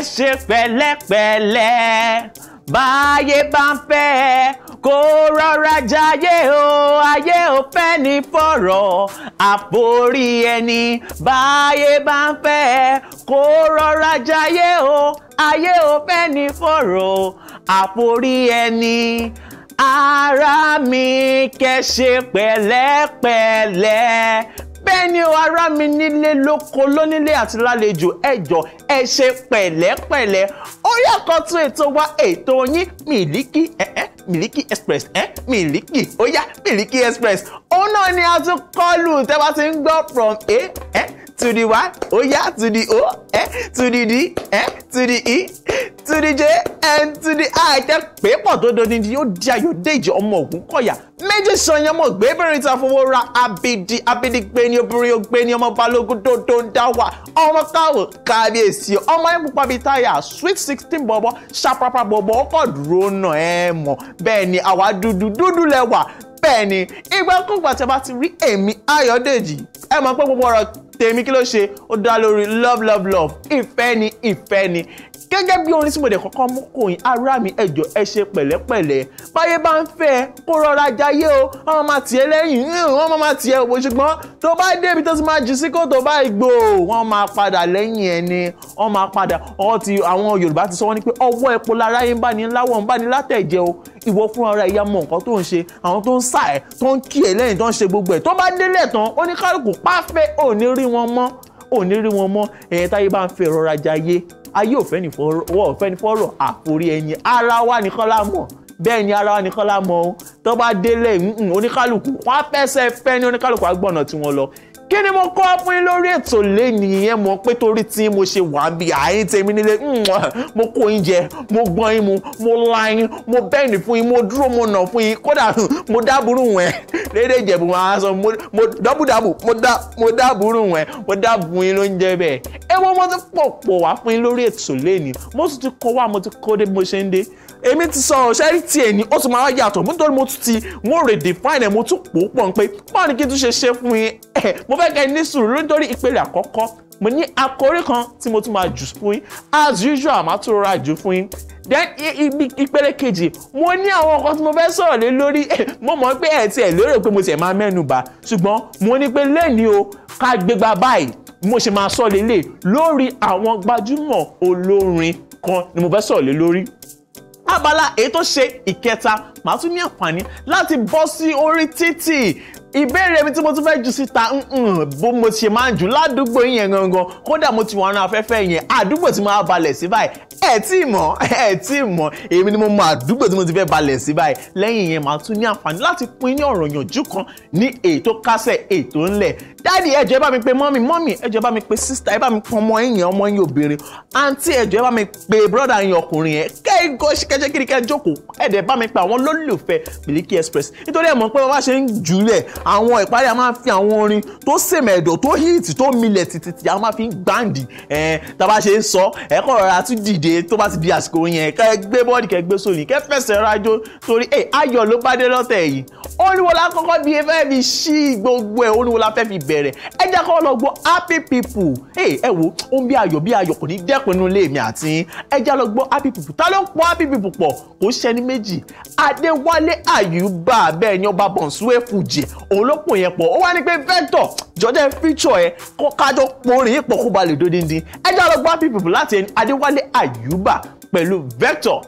ẹ ṣe pẹ̀lẹ́pẹ̀lẹ́ báyé bá ń fẹ́ ẹ kó rọra jayé o ayé ò fẹ́ ní fọ̀rọ̀ àforí ẹni báyé bá ń fẹ́ kó rọra jayé o ayé ò fẹ́ ní fọ̀rọ̀ àforí ẹni ara mi kẹ́ ṣe pẹ̀lẹ́pẹ̀lẹ́ bẹ́ẹ̀ ni o ará mi nílé lóko lónílé àti lálejò ẹ̀jọ̀ ẹ ṣe pẹ̀lẹ́pẹ̀lẹ́ orí àkọ́tún ètò wa ètò yín Miliki ẹ̀ẹ́ Miliki Express ẹ̀ Miliki ó Miliki Express òun náà ni a tún kọlù tẹ́ bá ti ń gbọ́ from a ẹ̀ to the Y, oh yeah, to the O, eh, to the D, eh, to the E, to the J, and to the I. Tẹ́ pé pọ̀ tó dodi ni yóò di Ayọ̀dèjì ọmọ Ògúnkọ̀yà. Méjì sọyìn ọmọ gbẹ́bẹ̀rẹ̀ ta fowó ra abidi abidigbe ni obìnrin ògbé ni ọmọ balógun tó tó ń dá wà. Ọmọ káwọ̀ kábíyèsí ọmọ ẹ̀ pupa bíi táyà sweet sixteen bọ̀bọ̀ ṣàpápá bọ̀bọ̀ ọkọ̀ dúró náà ẹ̀ mọ̀ bẹ́ẹ̀ ni àwa dúdú dúdú lẹ́wà bẹ́ẹ̀ ni ìgbàkúgbà tí a bá ti rí èmi Ayọ̀dèjì ẹ mọ̀ pé gbogbo ọ̀rọ̀ tèmi kí ló ṣe ó dá lórí love love love ìfẹ́ ni ìfẹ́ ni gẹ́gẹ́ bí orin tí mo dẹ̀ kọ́kọ́ mú kò yín ará mi ẹ̀jọ̀ ẹ ṣe pẹ̀lẹ́pẹ̀lẹ́ báyé bá ń fẹ́ kó rọra jayé o ọmọ máa tiẹ̀ lẹ́yìn wọ́n máa tiẹ̀ òwò ṣùgbọ́n tó bá débi tó ti máa jù sí kó tó bá gbò wọ́n máa padà lẹ́yìn ẹni wọ́n máa padà ọ̀hún ti àwọn Yorùbá ti sọ wọ́n ní pé ọwọ́ epo lára yín bá ní láwọ̀ ń bá ní látẹ̀jẹ́ o ìwọ fúnra ìyá mọ nǹkan tó ń ṣe àwọn tó ń sà ẹ tó ń kí ẹ lẹ́yìn tó ń ṣe gbogbo ẹ tó bá délẹ̀ tán oníkálukú pàfẹ́ ò ní rí wọn mọ́ ò ní rí wọn mọ́ ẹ̀yẹn táyé bá ń fẹ́ rọra jayé ayé òfẹ́ ní fọwọ́ òfẹ́ ní fọ́rọ̀ àforí ẹni ara wa nìkan la mọ̀ bẹ́ẹ̀ ni ara wa nìkan la mọ̀ o tó bá délé oníkálùkù wọ́n á fẹsẹ̀ fẹ́ ní oníkálùkù á tí wọ́n lọ kí ni mo kọ́ fún yín lórí ètò lẹ́nu yẹn mọ̀ pé torí tí mo ṣe wà bí àyín tèmi nílé mo kó yín jẹ mo gbọ́n yín mu mo la yín mo bẹ́ẹ̀nì fún yín mo dúró mo nà fún yín kódà mo dábùrù wẹ̀ lédè ìjẹ̀bù wọn á sọ mo dábùdàbù mo dábùrù wẹ̀ mo dábù yín ló ń jẹ bẹ́ẹ̀ ẹ wọ́n mo ti pọ̀ pọ̀ wá fún yín lórí ètò lẹ́nu mo sì ti kọ́ wá mo ti kọ́ dé mo ṣe ń dé èmi ti sọ ọ̀ṣẹ́ rí tiẹ̀ ní ó tún máa yàtọ̀ mo tún ti mo redefine ẹ̀ mo tún pòó pọ̀ ń pé báwo ni kí n tún ṣe ṣe fún yín mo fẹ́ kẹ́ ní sùúrù nítorí ìpele àkọ́kọ́ mo ní àkòrí kan tí mo tún máa jù fún yín as usual màá tún rọra jù fún yín then ibi ìpele kejì mo ní àwọn nǹkan tí mo fẹ́ sọ̀rọ̀ lé lórí mo mọ̀ pé ẹ̀ tiẹ̀ lérò pé mo tiẹ̀ máa mẹ́nu bà ṣùgbọ́n mo ní pé lẹ́ni o ká gbégbá báyìí mo ṣe máa sọ lélẹ̀ lórí àwọn gbajúmọ̀ olórin kan ni mo fẹ́ sọ̀rọ̀ lé lórí abala èyí tó ṣe ìkẹta màá tún ní àǹfààní láti bọ́ sí orí títì ìbéèrè mi tí mo tún fẹ́ jù síta bó mo ṣe máa ń jù ládùúgbò yẹn gangan kódà mo ti wọ́n ran afẹ́fẹ́ yẹn àdúgbò tí mo máa balẹ̀ sí báyìí ẹ tí mọ̀ ẹ tí mọ̀ èmi ni mo mọ àdúgbò tí mo ti fẹ́ balẹ̀ sí báyìí lẹ́yìn yẹn màá tún ní àǹfààní láti pín ní ọ̀rọ̀ yànjú kan ní ètò kásẹ̀ ètò ńlẹ̀ dáàdi ẹ jọ̀ọ́ ẹ bá mi pe mọ́mì mọ́mì ẹ ẹ bá mi pe sísítà ẹ bá mi pe ọmọ yín ọmọ yín obìnrin àǹtí ẹ jọ̀ọ́ ẹ bá mi pe bírọ́dà yín ọkùnrin yẹn kẹ́ẹ̀gọ́ kẹ́jẹ́ kiri kẹ́ẹ́ jókòó ẹ̀dẹ̀ bá mi pe àwọn lólùfẹ́ Miliki Express nítorí ẹ̀ mọ̀ pé bá ṣe ń jùlẹ̀ àwọn ìparí a máa fi àwọn orin tó sèmẹ̀dọ̀ tó híìtì tó milẹ̀ tìtìtì a máa fi ń gbàǹdì ẹ̀ tá a bá ṣe ń sọ ẹ̀ kọ̀ rọra tún dìde tó bá ti di àsìkò yẹn kẹ́ gbé bọ́ọ̀dì kẹ́ gbé sóni kẹ́ fẹsẹ̀ rájò torí ẹ̀ ayọ̀ ló bá dé lọ́tẹ̀ yìí oníwọlá kọ́kọ́ bí ẹ fẹ́ fi ṣí gbogbo ẹ̀ oníwọlá fẹ́ fi bẹ̀rẹ̀ ẹ jẹ́ kọ́ lọ gbọ́ happy people ẹ ẹ wo ó ń bí ayọ̀ bí ayọ̀ kò ní dẹ́kun inú ilé mi àti ẹ jẹ́ lọ gbọ́ happy people ta ló ń pọ́ happy people pọ̀ kò ṣẹni méjì Adéwálé Àyùbá bẹ́ẹ̀ ni ọba Bọ̀nsúwé Fújì òun ló pò yẹn pọ̀ ó wá ní pé vector jọjẹ́ feature ẹ kó kájọ porin ìpọ̀kúbalẹ̀ dódíndín ẹjọ́ lọ gbá pípìpì láti Adéwálé Àyùbá pẹ̀lú vector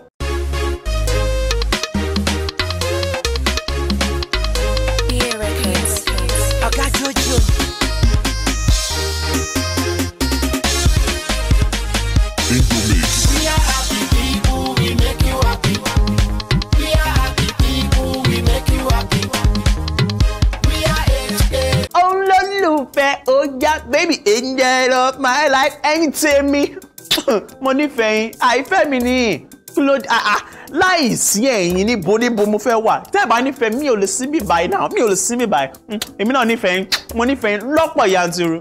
story my life ẹ̀yin me. mo nífẹ̀ẹ́ yín àìfẹ́ mi nìyí kí ló dé ah, ah. láì sí ẹ̀yin níbo níbo mo fẹ́ wà tẹ́ ẹ̀ bá nífẹ̀ẹ́ mi ò lè sí mi báyìí náà mi ò lè sí mi báyìí hmm, èmi náà nífẹ̀ẹ́ yín mo nífẹ̀ẹ́ yín lọ́pọ̀ yanturu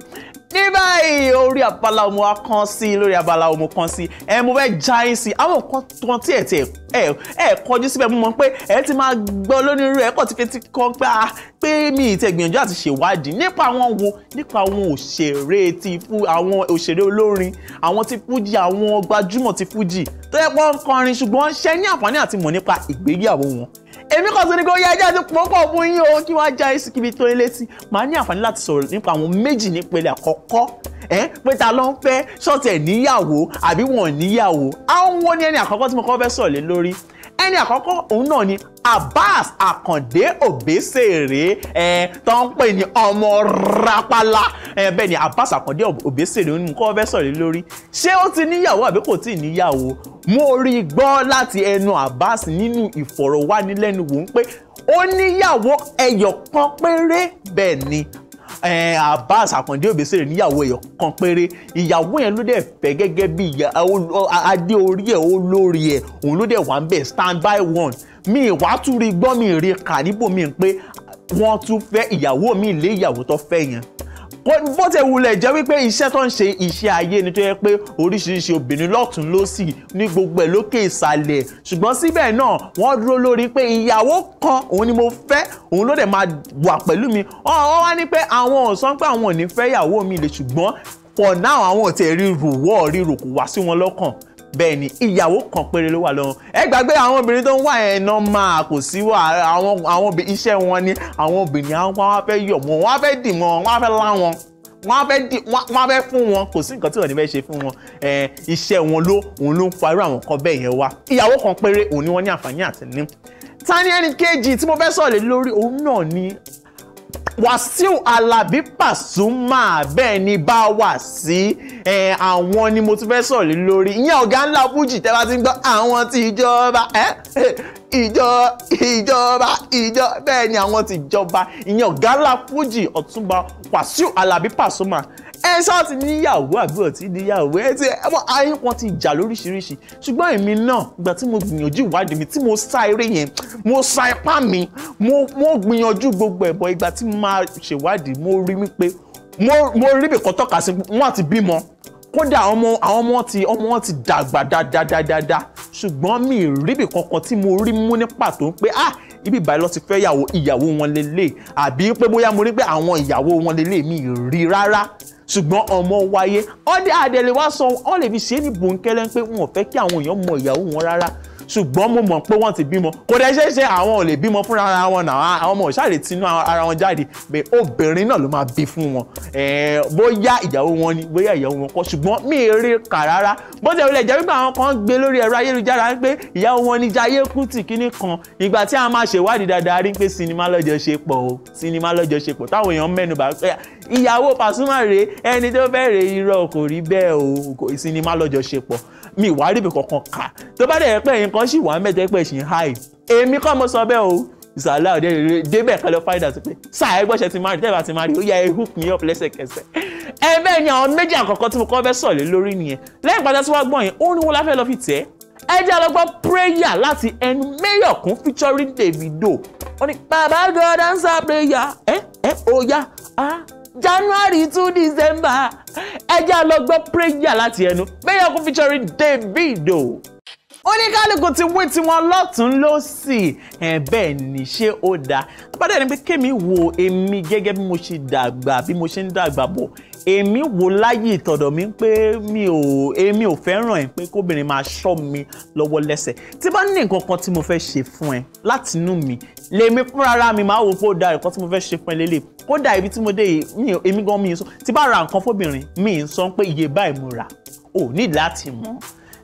ní báyìí orí abala ọmọ wa kan sí lórí abala ọmọ kan sí ẹ mo fẹ́ já yín sí àwọn nǹkan kan tí ẹ ti ẹ ẹ kọjú síbẹ̀ mo mọ̀ pé ẹ ti máa gbọ́ lónírú ẹ kọ̀ ti fi ti kọ́ pé a ah, pé mi ì tẹ gbìyànjú àti ṣèwádìí nípa àwọn wo nípa àwọn òṣèré ti fú àwọn òṣèré olórin àwọn ti fújì àwọn gbajúmọ̀ ti fújì tó yẹ pé ń kọrin ṣùgbọ́n ṣe ní àǹfààní àti mọ̀ nípa ìgbéyàwó wọn èmi kàn sí ni kò yẹ ẹjẹ́ ti pọ̀ fún yín o kí wọ́n á já èsì kíbi tó létí màá ní àǹfààní láti sọ̀rọ̀ nípa àwọn méjì nípele àkọ́kọ́ ẹ pé ta ló ń fẹ́ ṣọ́ọ̀tì ẹ̀ níyàwó àbí wọn níyàwó àwọn wo ni ẹni àkọ́kọ́ tí mo kọ́ fẹ́ sọ̀rọ̀ lé lórí ẹni àkọ́kọ́ òun náà ni Abbas Àkàndé Òbésèré ẹ tó ń pè ní ọmọ rápálá bẹ́ẹ̀ ni abas Akande Obesere ni mo kọ́ fẹ́ sọ̀rọ̀ lórí ṣé ó ti níyàwó àbí kò tí ì níyàwó mo rí i gbọ́ láti ẹnu Abbas nínú ìfọ̀rọ̀wánilẹ́nuwò ń pé ó níyàwó ẹyọ kan péré bẹ́ẹ̀ ni Abbas Akande Obesere níyàwó ẹyọ kan péré ìyàwó yẹn ló dẹ̀ fẹ́ gẹ́gẹ́ bí adé orí ẹ̀ olórí ẹ̀ òun ló dẹ̀ wà ń bẹ̀ stand by one mi ìwà tún rí gbọ́ mi rí kà níbòmí pé wọ́n tún fẹ́ ìyàwó mi lé ìyàwó tó fẹ́ yẹn bó ti wulẹ̀ jẹ́ wípé iṣẹ́ tó ń ṣe iṣẹ́ ayé ni tó yẹ pé oríṣiríṣi obìnrin lọ́tún lọ́sì ní gbogbo ẹ̀ lókè ìsàlẹ̀ ṣùgbọ́n síbẹ̀ náà wọ́n dúró lórí pé ìyàwó kan òun ni mo fẹ́ òun ló dẹ̀ máa wà pẹ̀lú mi ọ̀hún wá ní pé àwọn ò sọ pé àwọn ò ní fẹ́ ìyàwó mi lè ṣùgbọ́n for now àwọn ò tẹ̀ rí rò wọ́ọ̀ rí rò kò wá sí wọn lọ́kàn bẹ́ẹ̀ ni ìyàwó kan péré ló wà lọ́rùn ẹ gbàgbé àwọn obìnrin tó ń wà ẹ̀ náà máa kò sí wà àwọn àwọn iṣẹ́ wọn ni àwọn obìnrin àwọn wá fẹ́ yọ̀ wọn wá fẹ́ dì wọn wá fẹ́ lá wọn wọ́n fẹ́ di wọ́n fẹ́ fún wọn kò sí nǹkan tí wọ́n ní fẹ́ ṣe fún wọn iṣẹ́ wọn ló òun ló ń fa irú àwọn nǹkan bẹ́ẹ̀ yẹn wá ìyàwó kan péré òun ni wọ́n ní àǹfààní àti ní. ta ni ẹni kejì tí mo fẹ́ sọ̀rọ̀ lórí òun náà ni Wàsíù Alábí Pasuma bẹ́ẹ̀ ni bá wà sí ẹ àwọn ni mo ti fẹ́ sọ̀rọ̀ lórí ìyẹn ọ̀gá ńlá fújì tẹ́ bá ti ń gbọ́ àwọn ti ìjọba ẹ ìjọ ìjọba ìjọ bẹ́ẹ̀ ni àwọn ti ìjọba ìyẹn ọ̀gá ńlá fújì ọ̀túnba Wàsíù Alábí Pasuma ẹ ṣáà ti níyàwó àbúrò tí níyàwó ẹ ti ẹ mọ̀ ayé wọn ti jà lóríṣiríṣi ṣùgbọ́n èmi náà ìgbà tí mo gbìyànjú ìwádìí mi tí mo sa eré yẹn mo sa ipá mi mo gbìyànjú gbogbo ẹ̀bọ̀ ìgbà tí mo máa ṣèwádìí mo rí wípé mo rí ibìkan tọ́ka sí wọn ti bímọ kódà àwọn ọmọ ti ọmọ ti dàgbà dáadáa ṣùgbọ́n mi ríbi kankan tí mo rí mú ní pàtó pé ah ibi ìbàlọ́ ti fẹ́ yàwó ìyàwó wọn lélẹ̀ àbí pé bóyá mo rí pé àwọn ìyàwó wọn lélẹ̀ mi rí rárá ṣùgbọ́n ọmọ wáyé ọdẹ àdẹ̀lẹ̀ wá sọ ọ́n lè fi ṣe é ní bòńkẹ́lẹ́ pé wọn ò fẹ́ kí àwọn èèyàn mọ ìyàwó wọn rárá ṣùgbọ́n mo mọ̀ pé wọ́n ti bímọ kò dẹ̀ ṣeé ṣe àwọn ò lè bímọ fúnra ara wọn náà àwọn ọmọ òṣàlè tinú ara wọn jáde pé obìnrin náà ló máa bí fún wọn bóyá ìyàwó wọn ni bóyá ìyàwó wọn kọ́ ṣùgbọ́n mi èrè kà rárá bó ti wọlé jẹ́ wípé àwọn kan gbé lórí ẹ̀rọ ayélujára pé ìyàwó wọn ni Jayé Kútì kíní kan ìgbà tí a máa ṣèwádìí dáadáa rí pé sinimá lọ́jọ́ ṣe pọ̀ o sinimá lọ́jọ́ ṣe pọ̀ táwọn èèyàn mẹ́nubà pé ìyàwó Pasuma rèé ẹni tó fẹ́ rèé irọ́ kò rí bẹ́ẹ̀ o sinimá lọ́jọ́ ṣe pọ̀ mi ìwà ríbi kankan kà tó bá dẹ̀ pẹ́ nǹkan sì wà mẹ́tẹ́ pẹ́ sì ń háì èmi kọ́ mo sọ bẹ́ẹ̀ o ìsàlẹ̀ òde rere débẹ̀ kẹ́ lọ find out pé sáà ẹ gbọ́sẹ̀ ti má rí tẹ́lẹ̀ ti má rí ó yá ẹ hook me up lẹ́sẹ̀kẹsẹ̀ ẹ bẹ́ẹ̀ ni àwọn méjì àkọ́kọ́ tí mo kọ́ fẹ́ sọ̀lẹ̀ lórí nìyẹn lẹ́yìn pátá tí wọ́n gbọ́n yẹn ó ní wọn láfẹ́ lọ fi tẹ́ ẹ jẹ́ àlọ́gbọ́n prayer láti ẹnu Mayorkun featuring Davido ó ní bàbá God answer prayer ẹ ẹ ó yá ah january to december ẹ jẹ́ lọ gbọ́ prayer láti ẹnu Mayorkun featuring Davido oníkálukú ti wí tiwọn lọ́tún lọ́sì ẹ̀ bẹ́ẹ̀ ni ṣé ó dáa abádẹ́ni pé kémi wo èmi gẹ́gẹ́ bí mo ṣe dàgbà bí mo ṣe ń dàgbà bọ̀ èmi wò láyé ìtọ̀dọ̀ mi pé mi ò èmi ò fẹ́ràn ẹ̀ pé kóbìnrin máa ṣọ́ mi lọ́wọ́ lẹ́sẹ̀ tí bá ní nǹkan kan tí mo fẹ́ ṣe fún ẹ láti inú mi lèmi fúnra mi máa wò pé ó da nǹkan tí mo fẹ́ ṣe fún ẹ lélẹ̀ kódà ibi tí mo dé yìí èmi gan mi ń sọ tí bá ra nǹkan fóbìnrin mi ń sọ pé iye báyìí mo rà ò ní láti mọ̀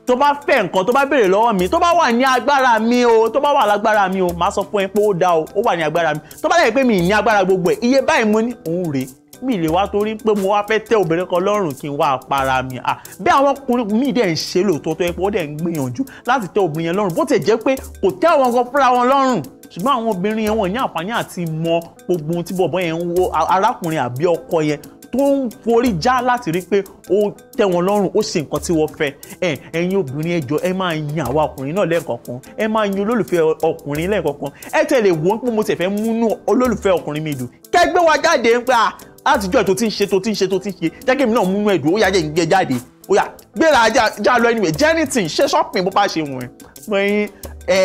tó bá fẹ́ nǹkan tó bá béèrè lọ́wọ́ mi tó bá wà ní agbára mi o tó bá wà lágbára mi o máa sọ fún ẹ pé ó dá o ó wà ní agbára mi tó bá dẹ̀ pé mi ní agbára gbogbo ẹ̀ iye báyìí mo ní òun rèé mi lè wá torí pé mo wá fẹ́ tẹ obìnrin kan lọ́rùn kí n para mi à bẹ́ẹ̀ àwọn ọkùnrin mi dẹ̀ ń ṣe lóòótọ́ tó yẹ pé ó dẹ̀ ń gbìyànjú láti tẹ obìnrin yẹn lọ́rùn bó tẹ̀ jẹ́ pé kan fúnra wọn lọ́rùn ṣùgbọ́n àwọn obìnrin yẹn wọ́n ní àǹfààní àti mọ gbogbo ohun tí bọ̀bọ́ yẹn ń wo arákùnrin àbí ọkọ yẹn tó ń forí já láti rí pé ó tẹ́ wọn lọ́rùn ó ṣe nǹkan tí wọ́n fẹ́ ẹ ẹ̀yin obìnrin ẹjọ́ ẹ máa yin àwa ọkùnrin náà lẹ́ẹ̀kọ̀ọ̀kan ẹ máa yin olólùfẹ́ ọkùnrin lẹ́ẹ̀kọ̀ọ̀kan ẹ tẹ̀lé wo pé mo tẹ̀ múnú olólùfẹ́ ọkùnrin mi dùn kẹgbẹ́ wa jáde ń pa látijọ́ ètò tí ń ṣe tó tí ń ṣe tó tí ń ṣe jẹ́ kí náà múnú ẹ̀dùn ó yá jẹ́ ìgbẹ́ e jáde ó yá gbéra já lọ ẹni wẹ̀ jẹ́ anything ṣe shopping bó bá ṣe wọ̀n ẹ́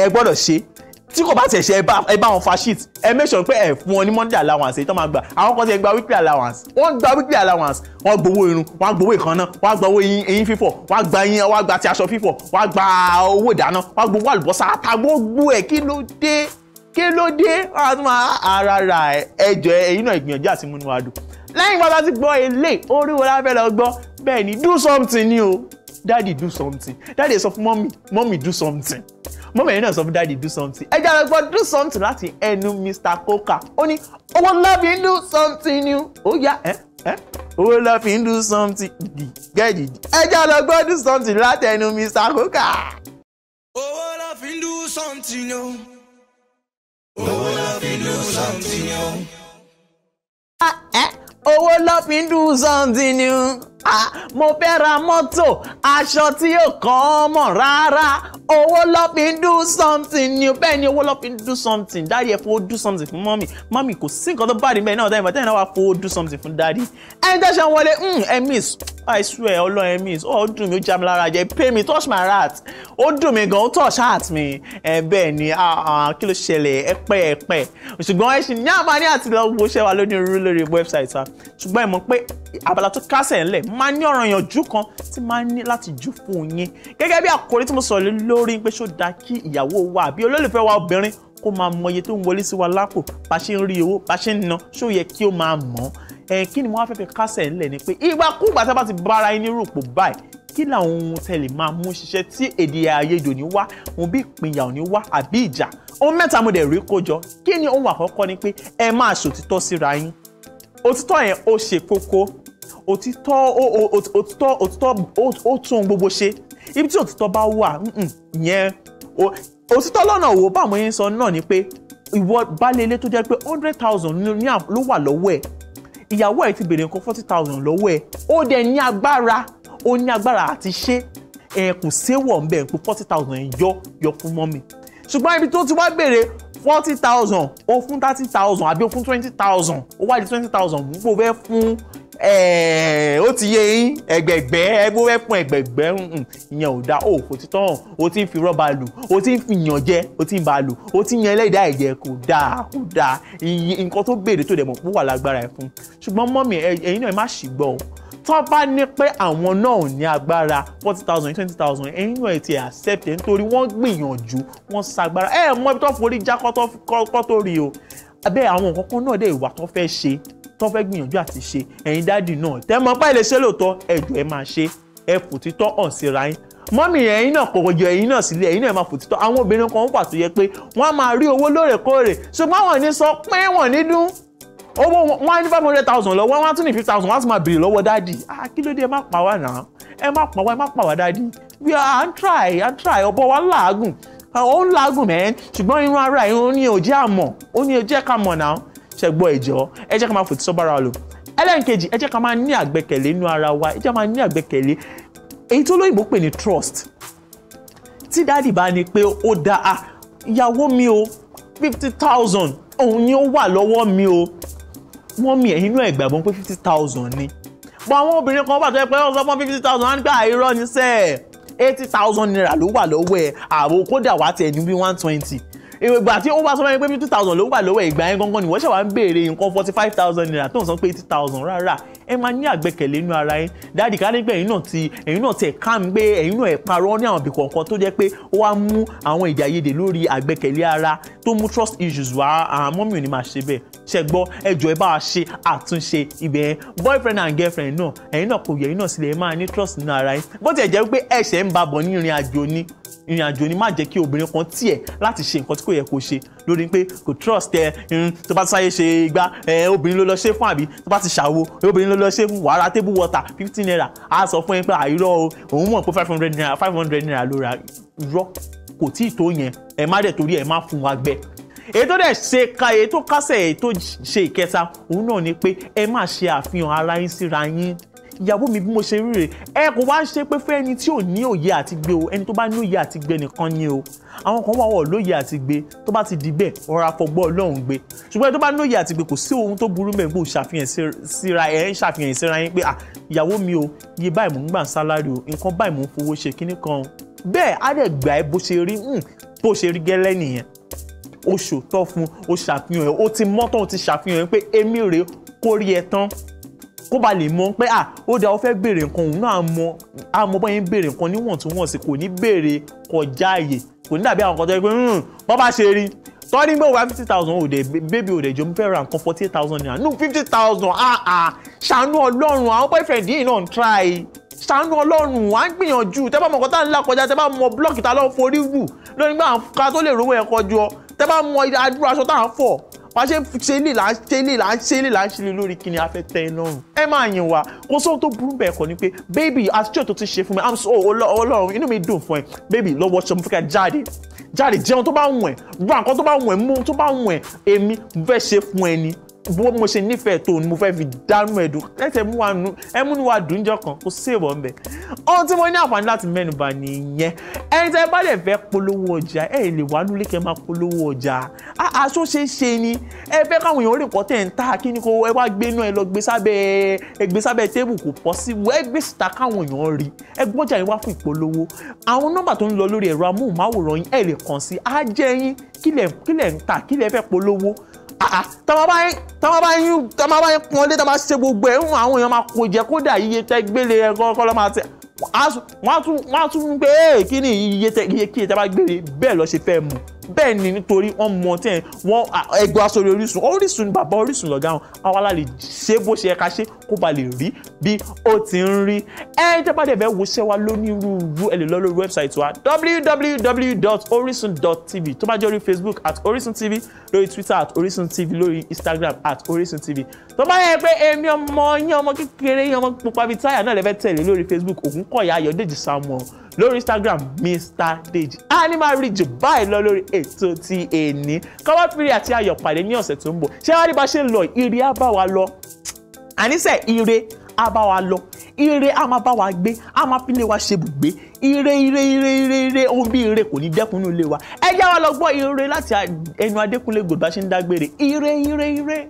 ẹ gbọ́dọ̀ ṣe tí kò bá tẹ̀ ṣe ẹ bá wọn fa sheet ẹ make sure pé ẹ fún wọn ní monday allowance èyí tó máa gba àwọn kan ti gba weekly allowance wọ́n gba weekly allowance wọ́n gbowó irun wọ́n gbowó ìkànnà wọ́n gbowó eyín fífọ̀ wọ́n gba eyín wọ́n gba ti aṣọ fífọ̀ wọ́n gba owó ìdáná wọ́n gbowó àlùbọ́sà àtàgbógbó ẹ̀ kí ló dé kí ló dé wọ́n á tún máa ara ah, rà ẹ ẹjọ́ náà ìgbìyànjú àti múnú adùn lẹ́yìn ìgbà tá a ti gbọ́ eléyìí orí wo la fẹ́ lọ gbọ́ bẹ́ẹ̀ ni do something ni o daddy do something daddy sọ fún mommy mọ́mì do something Mommy ẹ̀yin náà sọ fún daddy do something ẹ jẹ́ lọ do something láti ẹnu Mr. Coca. ó ní owó la fi ń do something ni ó yá ẹ ẹ owó la fi ń do something dì gẹ́ẹ̀dì ẹ jẹ́ lọ do something láti ẹnu Mr. Coca. owó la fi ń do something o owó la fi ń do something o owó ló fi ń dùn something new. Ah, mo fẹ́ ra mọ́tò aṣọ tí yóò kàn án mọ̀ rárá owó ló fi ń dùn something new bẹ́ẹ̀ ni owó ló fi ń something dáàdi ẹ̀ fowó do something fún mọ́mì mọ́mì kò sí nǹkan tó bá rí bẹ́ẹ̀ náà dáàdi ẹ̀ náà wà fowó do something fún dáàdi ẹni tẹ́sán wọlé hmm, miss. I swear ọlọ́run ẹ̀mí ó dùn mí ó já mi lára jẹ pay me touch my rat. ó dùn mí gan ó touch heart mi Eh, bẹ́ẹ̀ ni kí ló ṣẹlẹ̀ ẹ pẹ́ ẹ pẹ́ ṣùgbọ́n ẹ ṣì ní àǹfààní àti lọ wo ṣẹ́ wa lónìí rú lórí wẹ́bsáìtì wa ṣùgbọ́n ẹ mọ̀ pé abala tó kásẹ̀ ńlẹ̀ máa ní ọ̀ràn ìyànjú kan tí máa ní láti jù fún yín gẹ́gẹ́ bí àkòrí tí mo sọ̀rọ̀ lórí pé ṣó dáa kí ìyàwó wa àbí olólùfẹ́ wa obìnrin kó máa mọ iye tó ń wọlé sí wa lápò bá ṣe ń rí owó bá ṣe ń ná ṣó yẹ kí ó máa mọ̀ ẹ kí ni mo wá fẹ́ fi kásẹ̀ ńlẹ̀ ni pé ìgbàkúgbà tá a bá ti bára ẹni rò pò báyìí kí làwọn ohun tẹ̀lé máa mú ṣiṣẹ́ tí èdè àìyedè ò ní wá òun bí ìpínyà ò ní wá àbí ìjà ohun mẹ́ta mo dẹ̀ rí kó jọ kí ni ohun àkọ́kọ́ ni pé ẹ máa ṣòtítọ́ síra yín òtítọ́ yẹn ó ṣe kókó òtítọ́ òtítọ́ òtítọ́ ó tún gbogbo ṣe ibi tí òtítọ́ bá wà yẹn òtítọ́ lọ́nà wo báwọn yẹn sọ náà ni pé ìwọ baálé ilé tó jẹ́ pé hundred thousand ló wà lọ́wọ́ ẹ̀ ìyàwó ẹ̀ ti béèrè nǹkan forty thousand lọ́wọ́ ẹ̀ ó dẹ̀ ní agbára ó ní agbára àti ṣe ẹ kò séwọ̀ ń bẹ̀ pé forty thousand ẹ̀ yọ yọ fún mọ́mì ṣùgbọ́n ibi tó ti wá béèrè forty thousand ó fún thirty thousand àbí ó fún twenty thousand ó wá di twenty thousand gbogbo fẹ́ fún ó ti yé yín ẹgbẹ̀gbẹ́ ẹgbẹ́ wẹ́pọ̀n ẹgbẹ̀gbẹ́ ìyẹn ò da ó kò ti tán hàn ó ti ń fi rọ́bà lù ó ti ń fi yàn jẹ ó ti ń ba lù ó ti ń yan ẹlẹ́dàá ẹ̀jẹ̀ kò dáa kò dáa iye nǹkan tó béèrè tó dẹ̀ mọ̀ pé wà lágbára ẹ̀ fún ṣùgbọ́n mọ́mì ẹ̀yin náà ẹ má ṣì gbọ́ tó bá ní pé àwọn náà ní agbára forty thousand twenty thousand ẹ̀yin náà ti accept ẹ̀ nítorí wọ́n gbìyànjú wọ́n sagbára ẹ̀ mọ ibi tó forí já kọ́ tó rí o abẹ́ àwọn nǹkan kan náà dẹ̀ ìwà tó fẹ́ ṣe tó fẹ́ gbìyànjú àti ṣe ẹ̀yin dáàdì náà tẹ́ mọ pa ilé ṣe lóòótọ́ ẹ̀jọ̀ ẹ máa ṣe ẹ fòtítọ́ hàn síra yín mọ́mì ẹ̀yin náà kò jọ ẹ̀yin náà sílẹ̀ ẹ̀yin náà máa fòtítọ́ àwọn obìnrin kan wà tó yẹ pé wọ́n á máa rí owó lóòrèkóòrè ṣùgbọ́n àwọn ní sọ pé wọ́n ní dún owó wọn á ní five hundred thousand lọ́wọ́ wọn á tún ní fifty thousand wọ́n á tún máa béèrè lọ́wọ́ dáàdì ah ẹ má pa wá náà ẹ má pa wá ẹ má pa wá dáàdì we à ń try à ń try ọ̀bọ wa làágùn ó ń làágùn mẹ́ ṣùgbọ́n irun ara ẹ̀ ó ní òjẹ́ àmọ̀ ó ní òjẹ́ kàmọ̀ náà ṣe gbọ́ ẹ̀jọ́ ẹ jẹ́ ká máa fòtí sọ́bára lò ẹlẹ́nkejì ẹ jẹ́ ká máa ní àgbẹ̀kẹ̀lé inú ara wa ẹ jẹ́ ká máa ní àgbẹ̀kẹ̀lé èyí tó lóyìnbó pè ní trust tí dáàdì bá ní pé ó da ah ìyàwó mi o fifty thousand òun ni ó wà lọ́wọ́ mi o wọ́n mi ẹ̀yìn náà ìgbàgbọ́ pé fifty thousand ni bọ́n àwọn obìnrin kan wà tó yẹ pé wọ́n fún fifty thousand wọ́n á ní pé àìrọ́ sẹ́ẹ̀ eighty thousand naira ló wà lọ́wọ́ ẹ̀ àbò kódà wà á tẹ̀ ní bí one twenty ìgbà tí ó bá sọ fún mi pé two thousand ló wà lọ́wọ́ ìgbà yẹn gangan ni wọ́n ṣẹ̀ wá ń béèrè nǹkan forty five thousand naira tó ń san pé eighty thousand rárá ẹ máa ní àgbẹ̀kẹ̀lé inú ara yín dáàdì ká nígbà ẹ̀yin náà ti ẹ̀yin náà tẹ̀ ká ń gbé ẹ̀yin náà ẹ̀ parọ́ ní àwọn ibì kọ̀ọ̀kan tó jẹ́ pé ó wá mú àwọn èdè àìyedè lórí àgbẹ̀kẹ̀lé ara tó mú trust issues wá àmọ́ mi ò ní máa ṣe bẹ́ẹ̀ ṣe gbọ́ ẹjọ́ ẹ bá a ṣe àtúnṣe ibẹ̀ yẹn boyfriend and girlfriend náà ẹ̀yin náà kò yẹ ẹ̀yin náà sì lè máa ní trust nínú ara yín bó tiẹ̀ jẹ́ pé ẹ̀ṣẹ̀ ń babọ̀ ní ìrìn àjò ni ìrìn àjò ni má jẹ́ kí obìnrin kan tiẹ̀ láti ṣe nǹkan tí kò yẹ kó ṣe lórí pé kò trust ẹ tó bá ti sáyé ṣe igbá obìnrin ló lọ ṣe fún àbí tó bá ti ṣàwo obìnrin lọ lọ ṣe wàrà table water fifteen naira a sọ fún yín pé àìrọ o òun mọ̀ pé five hundred naira five hundred naira ló ra rọ kò tí ì tó yẹn ẹ má dẹ̀ torí ẹ má fún wa gbẹ èyí tó dẹ̀ ṣe ka èyí tó kásẹ̀ èyí tó ṣe ìkẹta òun náà ni pé ẹ má ṣe àfihàn ara yín síra yín ìyàwó mi bí mo ṣe rí rè ẹ kò wá ṣe pé fún ẹni tí ò ní òye àti gbé o ẹni tó bá ní òye àti gbé nìkan ni o àwọn kan wà wọ̀ lóye àti gbé tó bá ti di bẹ́ẹ̀ ọ̀rọ̀ àfọgbọ́ ọlọ́run gbé ṣùgbọ́n ẹni tó bá ní òye àti gbé kò sí ohun tó burú mẹ́gbò ṣàfihàn síra ẹ̀ ń ṣàfihàn síra yín pé ìyàwó mi o iye báyìí mò ń gbà ń sálárì o nǹkan báyìí mò ń fowó ṣe kinní kan bẹ́ẹ̀ á dẹ̀ gbà ẹ́ bó ṣe rí hmm, bó ṣe rí gẹ́lẹ́ nìyẹn o ṣòótọ́ fún o ṣàfihàn ẹ̀ o ti mọ́tò o ti ṣàfihàn ẹ̀ pé èmi rèé kórìí ẹ̀ tán kó ba lè mọ pé ah ó da ó fẹ́ béèrè nǹkan òun náà mọ àmọ́ bọ́ yẹn ń béèrè nǹkan níwọ̀ntúnwọ̀nsì kò ní béèrè kọjá àyè kò ní dàbí àwọn kan tó yẹ pé wọ́n hmm, bá ṣe rí tọ́ni gbé wa fifty thousand òde bébí òde jọ ń fẹ́ ra nǹkan forty eight thousand naira no fifty thousand ah ah ṣàánú ọlọ́run àwọn boyfriend yìí náà ń try ṣàánú ọlọ́run à ń gbìyànjú tẹ́ bá mọ̀ kọ́tà ńlá kọjá tẹ́ bá mọ̀ blọ́ọ̀kì tá lọ́ọ́ forí wù lónìí gbà ká tó lè rówó ẹ̀ kọjú ọ tẹ́ bá mọ̀ adúrú aṣọ tá ń fọ̀ wàá ṣe ṣe lè la, ń ṣe lè là ń ṣe lè là ń ṣe lè lórí kí ni a fẹ́ tẹ́ ẹ lọ́rùn ẹ máa yìn wá kó sóhun tó burú bẹ́ẹ̀ kọ́ ni pé baby àtijọ́ tó ti ṣe fún mi i'm so oh, ọlọ́run inú mi dùn fún ẹ baby lọ́wọ́ ṣọ́ mo fẹ́ ká jáde jáde jẹun tó bá wù ẹ́ gbọ́ àkọ́ tó bá wù ẹ́ mú tó bá wù ẹ́ èmi fẹ́ ṣe fún ẹni bó mo ṣe nífẹ̀ẹ́ tó ni mo fẹ́ fi dánú ẹ̀dùn lẹ́sẹ̀ mú wa nu ẹmú ni wa dùn jọ kan kó sèwọ̀ ń bẹ̀. ohun tí mo ní àǹfààní láti mẹ́nuba nìyẹn ẹni tẹ́ bá lè fẹ́ polówó ọjà ẹ̀ lè wá nílé kẹ́ máa polówó ọjà aṣọ ṣe é ṣe ni ẹ fẹ́ káwọn èèyàn rè pọ́ tẹ̀ ń ta kí ni kò ẹ wá gbé náà ẹ lọ gbé sábẹ́ ẹ gbé sábẹ́ tébù kò pọ́ sí ẹ gbé síta káwọn èèyàn rí ẹ gbọ́jà yín wá fún ìpolówó àwọn nọ́mbà tó ń lọ lórí ẹ̀rọ amóhùnmáwòrán yín ẹ lè kàn Ah, ah. tọ́mọ bá yín tọ́mọ bá yín tọ́mọ bá yín pọ́nlé tọ́mọ ṣe gbogbo ẹ̀ ń àwọn èèyàn máa kó jẹ kódà iye tẹ gbélé ẹ kọ́kọ́ lọ́ máa tẹ wọ́n á tún wọ́n á tún pé kí ni iye tẹ iye kí ẹ tẹ bá gbélé bẹ́ẹ̀ lọ ṣe fẹ́ mu bẹ́ẹ̀ ni nítorí wọ́n mọ tí ẹ̀ wọ́n ẹgbẹ́ aṣọ orísun orísun bàbá orísun lọ́gá wọn àwa la lè ṣe bó ṣe ẹ̀ka ṣe kó ba lè rí bí ó ti ń rí ẹ jẹ́ bá dẹ̀ bẹ́ẹ̀ wo ṣẹ́ wa lónírúurú ẹ lè lọ lórí wẹ́bsáìtì wa www.orisun.tv tó bá jẹ́ orí facebook at orisun tv lórí twitter at orisun tv lórí instagram at orisun tv tó bá yẹ pé èmi ọmọ yín ọmọ kékeré yín ọmọ pupa bíi táyà náà lè tẹ̀lé lórí facebook ògúnkọ̀yà ayọ̀dèjì samuel lórí Instagram Mr Deji a ní máa rí jù báyìí lọ lórí ètò ti èní káwá fìrí àti ayọ̀ pàdé ní ọ̀sẹ̀ tó ń bọ̀ ṣé wàá rí bá ṣe ń lọ ire á bá wa lọ àníṣe ire á bá wa lọ ire a máa bá wa gbé a máa fi lé wa ṣe bùgbé ire ire ire ire ire ohun bí ire kò ní dẹ́kunú ilé wa ẹ já wa lọ gbọ́ ire láti ẹnu Adékúnlé Gold bá ṣe ń dágbére ire ire ire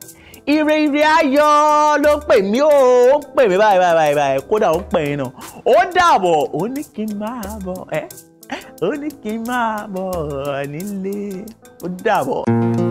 ire ire ayọ̀ ló ń pè mí o ó ń pè mí báyìí báyìí báyìí kódà ó ń pè yín nà ó dàbọ̀ ó ní kí n máa bọ̀ ẹ́ ó ní kí n máa bọ̀ nílé ó dàbọ̀.